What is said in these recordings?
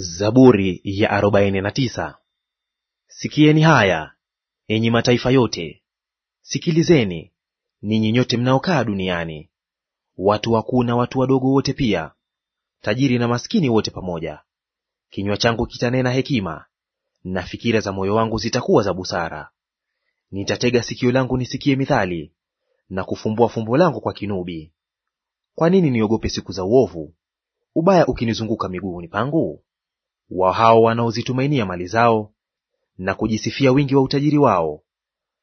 Zaburi ya 49. Sikieni haya enyi mataifa yote, sikilizeni ninyi nyote mnaokaa duniani, watu wakuu na watu wadogo wote pia, tajiri na maskini wote pamoja. Kinywa changu kitanena hekima, na fikira za moyo wangu zitakuwa za busara. Nitatega sikio langu nisikie mithali, na kufumbua fumbo langu kwa kinubi. Kwa nini niogope siku za uovu, ubaya ukinizunguka miguuni pangu? wa hao wanaozitumainia mali zao na kujisifia wingi wa utajiri wao.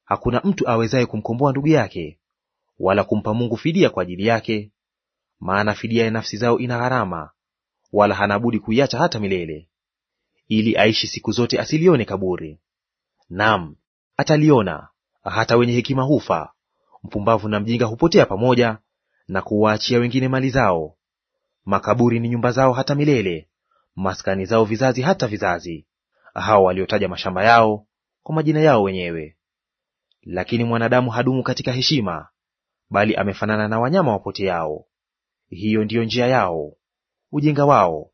Hakuna mtu awezaye kumkomboa ndugu yake, wala kumpa Mungu fidia kwa ajili yake, maana fidia ya nafsi zao ina gharama, wala hanabudi kuiacha hata milele. Ili aishi siku zote asilione kaburi. Naam, ataliona, hata wenye hekima hufa. Mpumbavu na mjinga hupotea pamoja na kuwaachia wengine mali zao. Makaburi ni nyumba zao hata milele, maskani zao vizazi hata vizazi, hao waliotaja mashamba yao kwa majina yao wenyewe. Lakini mwanadamu hadumu katika heshima, bali amefanana na wanyama wapote yao Hiyo ndiyo njia yao, ujinga wao,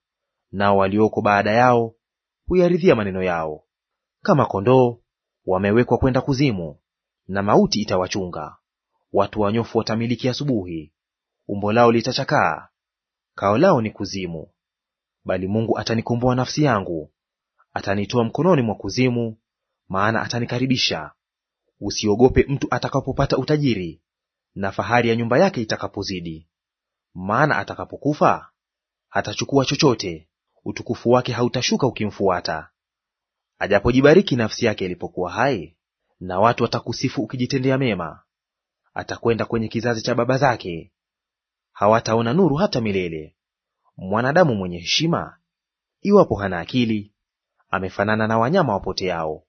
nao walioko baada yao huyaridhia maneno yao. Kama kondoo wamewekwa kwenda kuzimu, na mauti itawachunga. Watu wanyofu watamiliki asubuhi, umbo lao litachakaa, kao lao ni kuzimu bali Mungu atanikomboa nafsi yangu, atanitoa mkononi mwa kuzimu, maana atanikaribisha. Usiogope mtu atakapopata utajiri, na fahari ya nyumba yake itakapozidi. Maana atakapokufa hatachukua chochote, utukufu wake hautashuka ukimfuata. Ajapojibariki nafsi yake ilipokuwa hai, na watu watakusifu ukijitendea mema. Atakwenda kwenye kizazi cha baba zake, hawataona nuru hata milele mwanadamu mwenye heshima, iwapo hana akili, amefanana na wanyama wapoteao.